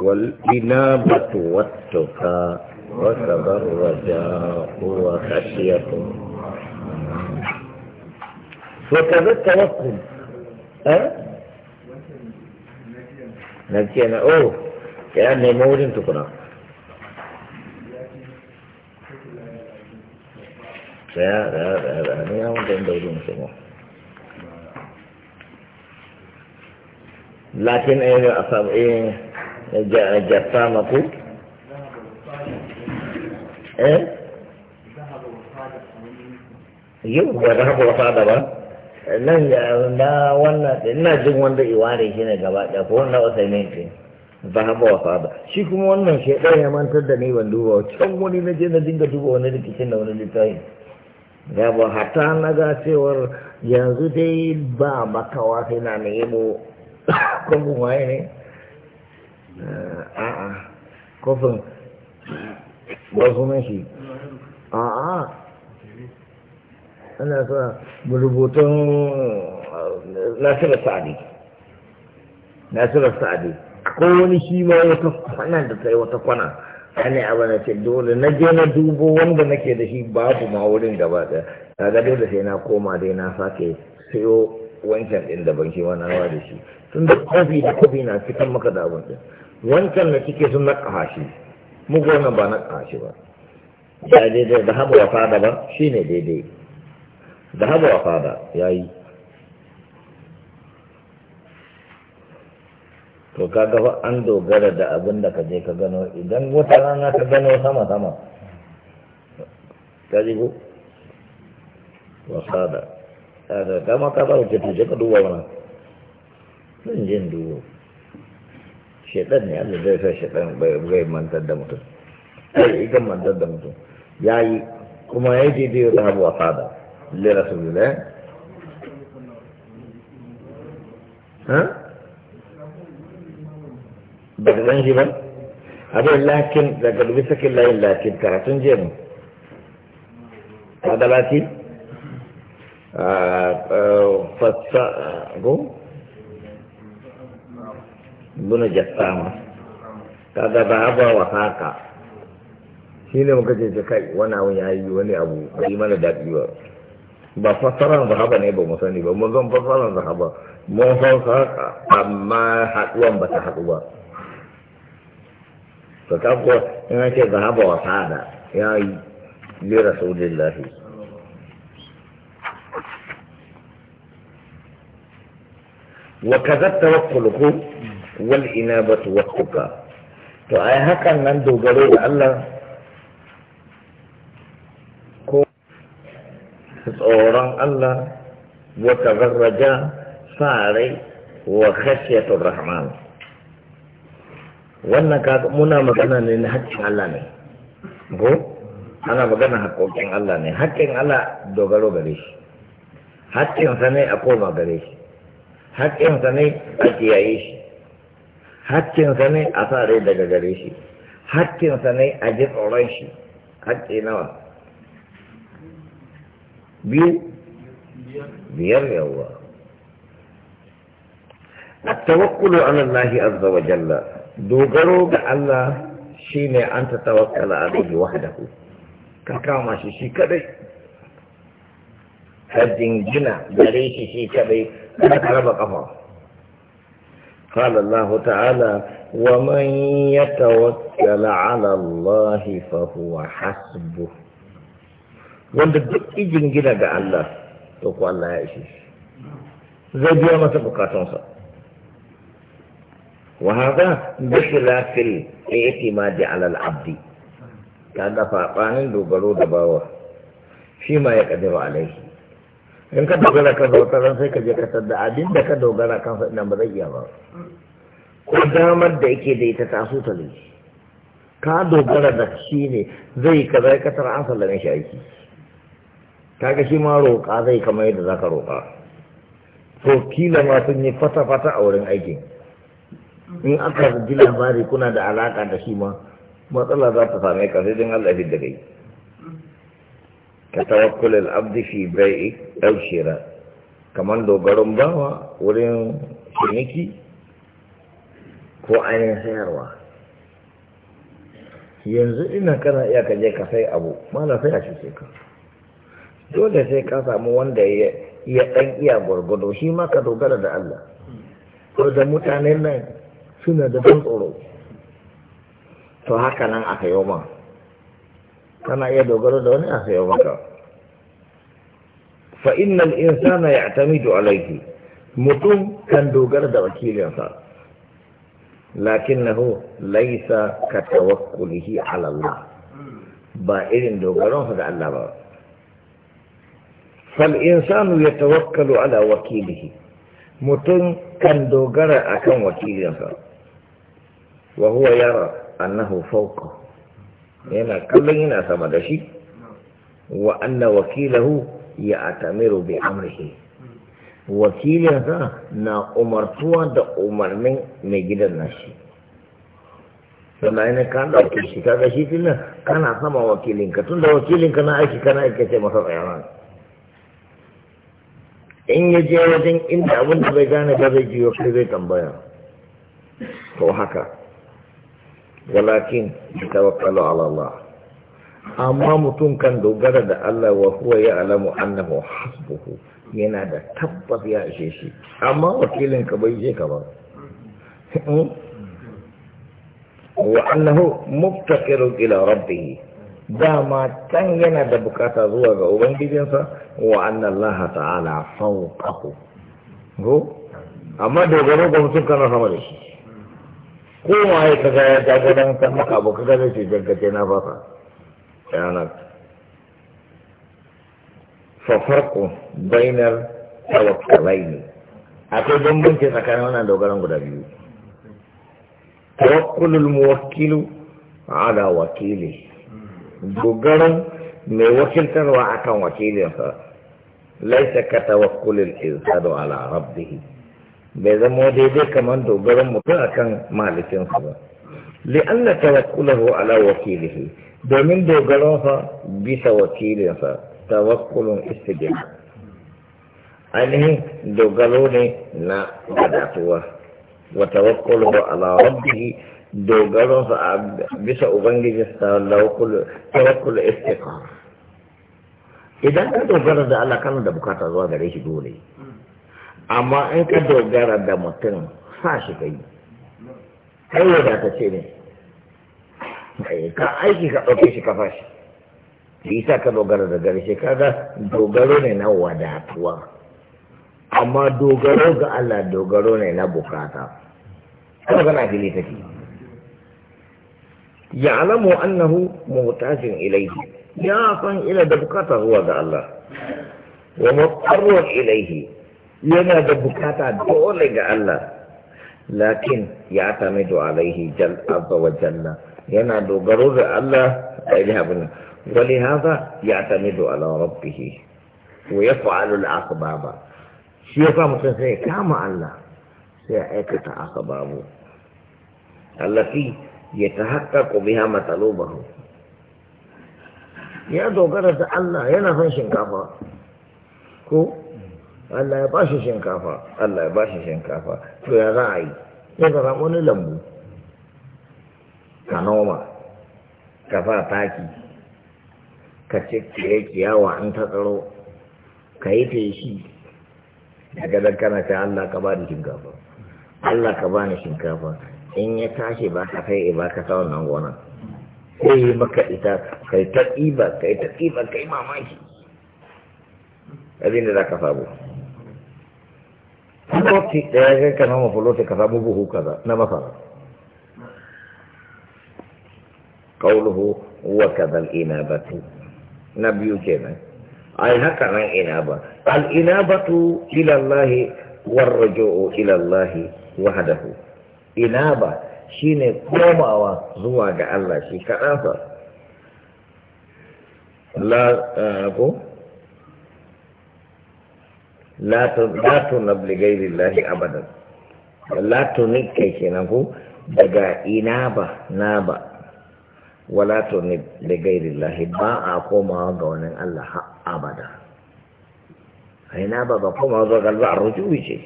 والإنابة والتقى وكبر رجاء وخشية وكذا التوكل أه؟ نجي أنا أوه يعني مولين تقرأ لا لا لا لا أنا أود أن دولون سموه لكن أنا إيه، أصاب إيه jassama ko eh yau ba za ba nan ya na wannan ina jin wanda iware shi ne gaba ɗaya ko na wasa ne ce ba haɓa wasa ba shi kuma wannan shi ɗaya ya mantar da ni ban duba can wani na je na dinga duba wani rikicin da wani littafi ya ba hata na ga cewar yanzu dai ba makawa sai na nemo kuma waye ne Eh, a'a ah, ah. kofin ba sunan shi a'a ah, ana sa rubutun eh, nasirar sa'adi nasirar sa'adi ko wani shi ma wata kwanan da ta yi wata kwana ne abu na ce dole na je na dubo wanda nake da shi babu ma wurin gaba ɗaya kaga dole sai na koma dai na sake sayo wancan ɗin da ban shi wani rawa da shi tun da kofi da kofi na fitan maka da abin ɗin wancan da cike sun naƙa shi mu wannan ba naƙa shi ba ya daidai da haɓu wa fada ba shi ne daidai da haɓu wa fada ya yi to kaga fa an dogara da abin da ka je ka gano idan wata rana ka gano sama sama ka ji ko wa fada da kama ka ba wuce tuje ka duba wannan zan jin duwa shaitan ne Allah zai sa shaitan bai mantar da mutum sai ikan mantar da mutum ya yi kuma ya je da abu a fada le rasulullah ha ba ka san shi ba abin lakin daga dubi sakin layin lakin karatun jiya mu adalati fasa'u buna jassama kaga ba ba wa haka shi ne muka ce kai wani abu ya yi wani abu bai mana daɗi ba ba fassarar zahaba ne ba mu sani ba mu zan fassarar zahaba mun san haka amma haɗuwan ba ta haɗu ba to ta kuwa in ce zahaba wa sada ya yi li rasulillahi wa kaza tawakkuluhu wal inabatu tuka to ai hakan nan dogaro da Allah ko tsoron Allah wa tagarraja sare wa khashyatu rahman wannan ka muna magana ne na haƙƙin Allah ne ko ana magana haƙƙoƙin Allah ne haƙƙin Allah dogaro gare shi sa ne a koma gare shi sa ne a kiyaye shi hakkinsa ne a sa rai daga gare shi hakkinsa ne a ji tsoron shi hakki nawa biyu biyar yawwa التوكل على الله عز وجل dogaro ga Allah shi ne an ta tawakkala alaihi wahdahu ka kama shi shi kadai ka jingina gare shi shi kadai kada ka raba kafa قال الله تعالى ومن يتوكل على الله wanda duk ijin gina ga Allah to ko Allah ya ishe zai biya masa bukatunsa wa hada bi khilafil i'timadi ala al-abdi kaga fafanin dogaro da bawa shi ma ya kadira alaihi in ka dogara kan wata ran sai ka je ka sadda abin da ka dogara kan sa ba zai iya ba ko damar da yake da ita ta su tale ka dogara da shi ne zai ka zai ka tara an sallame shi aiki ga shi ma roƙa zai kamar yadda za ka roƙa to kila ma sun yi fata-fata a wurin aikin in aka ji labari kuna da alaƙa da shi ma matsala za ta same ka sai Allah ya da kai ka tawakkulil abdi fi bai'i شراء shira kamar dogaron bawa, wurin ciniki, ko ainihin sayarwa yanzu ina kana iya ka je ka sai abu mana sai a cuce ka dole sai ka samu wanda ya iya dan iya gwargwado shi ma ka dogara da Allah to da mutanen nan suna da ban tsoro to haka nan aka yi kana iya dogaro da wani a maka fa innal insana ya'tamidu alayhi mutum kan dogara da wakilinsa lakinnahu laysa ka tawakkulihi ala Allah ba irin dogaronsa da Allah ba fal insanu yatawakkalu ala wakilihi mutum kan dogara akan wakilinsa wa huwa yara annahu fawqahu yana kallon yana sama da shi wa anna wakilahu ya atamiru bi amrihi wakilinsa na umartuwa da umarnin mai gidan nashi sannan ne ka ɗauke shi kaga shi tun kana sama wakilinka tun da wakilinka na aiki kana aiki ce masa tsayawa in ya je wajen inda abin da bai gane ba zai jiyo kai zai tambaya to haka walakin tawakkalu ala Allah amma mutum kan dogara da Allah wa huwa ya'lamu annahu hasbuhu yana da tabbas ya ishe shi amma wakilin ka bai je ka ba hmm? wa annahu muftaqirun ila rabbih dama can yana da bukata zuwa ga ubangijinsa wa anna Allah ta'ala fawqahu go amma dogaro ga mutum kana sama da shi ko waye ta ga ya daga dan kan maka abu kaga ne ce jaggace na fasa yana fa farqu bainar ne akwai bambanci tsakanin wannan dogaran guda biyu tawakkulul muwakkilu ala wakili dogaran mai wakiltarwa akan wakilinsa laisa ka tawakkulul insanu ala rabbihi bai zama daidai kamar dogaron mutum akan malikinsa ba li'anna tawakkulahu ala wakilihi domin dogaronsa bisa wakilinsa tawakkulun istijaba ainihin dogaro ne na wadatuwa wa tawakkulahu ala rabbihi dogaronsa a bisa ubangiji tawakkul istiqama idan ka dogara da Allah kana da bukata zuwa gare shi dole amma in ka dogara da mutum sa shi ka yi kai ce ne ka aiki ka ɗauke shi ka fashi shi sa ka dogara da gari shi kaga dogaro ne na wadatuwa amma dogaro ga Allah dogaro ne na bukata kuma gana fili take ya alamu annahu mutajin ilaihi ya san ila da bukata zuwa ga Allah wa mutarrun ilaihi yana da bukata dole ga Allah lakin ya tamidu alaihi jal abba wa jalla yana dogaro ga Allah da ilha bin Wani haza ya tamidu ala rabbih wa ya al-asbaba shi yasa mutum sai kama Allah sai aikata asbabu allati yatahaqqaqu biha ba. ya dogara da Allah yana son shinkafa ko Allah ya bashi shinkafa Allah ya bashi shinkafa to ya za a yi ya zara wani lambu ka noma ka fa taki ka ce ciye kiyawa an ta tsaro ka yi feshi daga dan kana ce Allah ka bani shinkafa Allah ka bani shinkafa in ya tashi ba ka kai ba ka sa nan gona sai yi maka ita kai ta ɗiba kai ta ɗiba kai mamaki abin da za ka samu fuloti ya kai ka noma fuloti ka samu buhu kaza na masara kauluhu wa kadal inabatu na biyu kenan ai haka nan inaba al inabatu ila Allah war ruju'u ila Allah wahdahu inaba shine komawa zuwa ga Allah shi kaɗansa la eh, ko la na li lahi abadan la ni kai kenan ko daga ina ba na ba wala ni li lahi ba a komawa ga wani Allah abada ina ba ba komawa ga galba rujuwi ce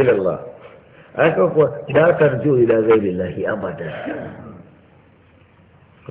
ila Allah haka ko da tarju ila ghairillahi abada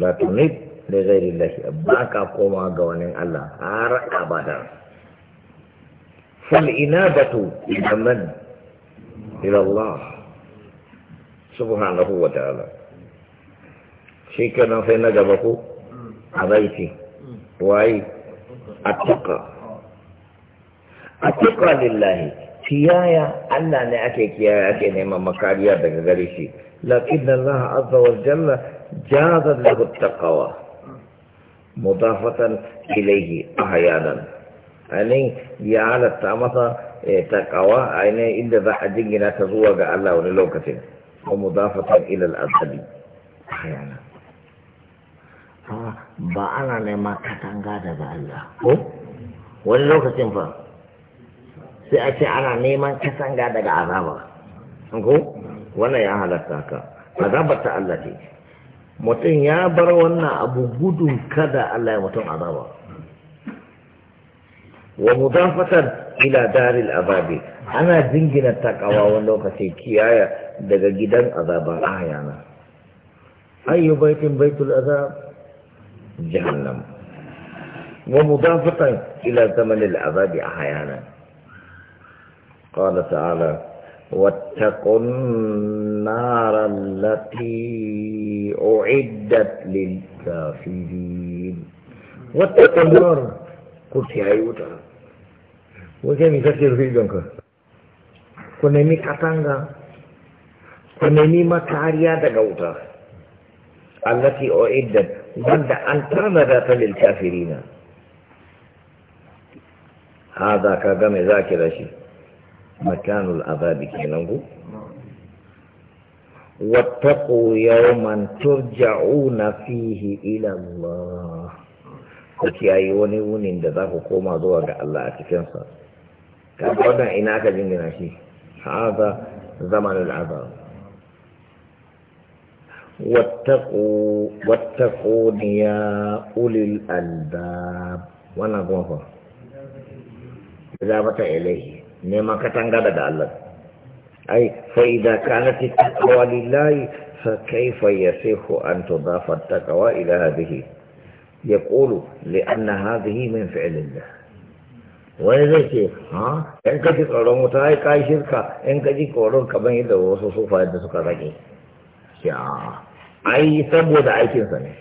la ni li ghairillahi ba ka koma ga wani Allah har abada fal ina batu idaman ilallah subhanahu wa ta'ala shi ka na sai na gaba ku a wai a tuka a tuka lillahi kiyaya allah ne ake kiyaya ake neman makariya daga garishi. shi lakin da za a azza wa jalla ja zan lagu takawa mudafatan ilaihi a hayanan ainihin ya halatta masa takawa ainihin inda za a jingina ta zuwa ga Allah wani lokacin wa mu ila al-azabi hayana ba ana nema katanga daga Allah ko oh? wani lokacin fa sai a ce ana neman katanga daga azaba ko wannan ya halatta ka azabar ta Allah ce mutum ya bar wannan abu gudun kada Allah ya mutum azaba ومضافة إلى دار الأباب أنا جنجنا التقوى واللوكة كيايا دقا جدا أذابا آيانا أي بيت بيت الأذاب جهنم ومضافة إلى زمن العذاب أحيانا قال تعالى واتقوا النار التي أعدت للكافرين واتقوا النار كنت هاي وتا وكان يفكر في جنكا كنا مي كاتانغا كنا مي ما تاريا دعوة وتا التي أعدت بند أن ترمد للكافرين هذا كغم ذاكرة شيء مكان العذاب كينغو واتقوا يوما ترجعون فيه إلى الله ku kiyaye wani wunin da za ku koma zuwa ga Allah a cikinsa ka wannan ina ka jingina shi haza zamanul azab wattaqu wattaqu ya ulil albab wannan kuma fa za mata ilahi neman katanga daga Allah ai fa idza kanat taqwa lillahi fa kayfa yasihu an tudafa taqwa ila hadhihi يقول لأن هذه من فعل الله wani zai ce ha in ka ji tsoron wuta ai ka shirka in ka ji tsoron ka ban yadda wasu sufa da suka rage ya ai saboda aikinsa ne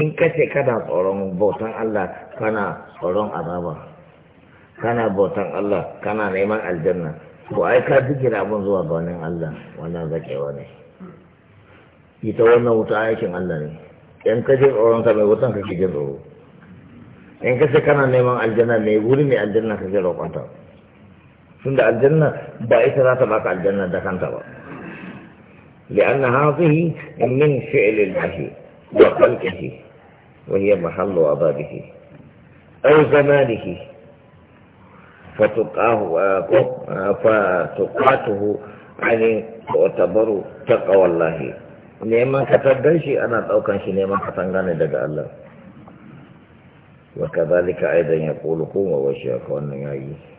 in ka ce kana tsoron bautan Allah kana tsoron azaba kana bautan Allah kana neman aljanna to ai ka jikira abin zuwa ga wani Allah wannan zakewa ne ita wannan wuta aikin Allah ne in ka je tsoron sa mai wutan ke jin tsoro in ka ce kana neman aljanna mai wuri mai aljanna kake roƙonta tun da aljanna ba ita za ta baka aljanna da kanta ba لأن هذه من فعل الله وخلقه وهي محل عذابه أو زمانه فتقاه فتقاته يعني تعتبر تقوى wallahi. neman katangar shi ana ɗaukan shi neman katanga daga Allah wa kazalika aidan ya qulu kuma wa ka wannan yayi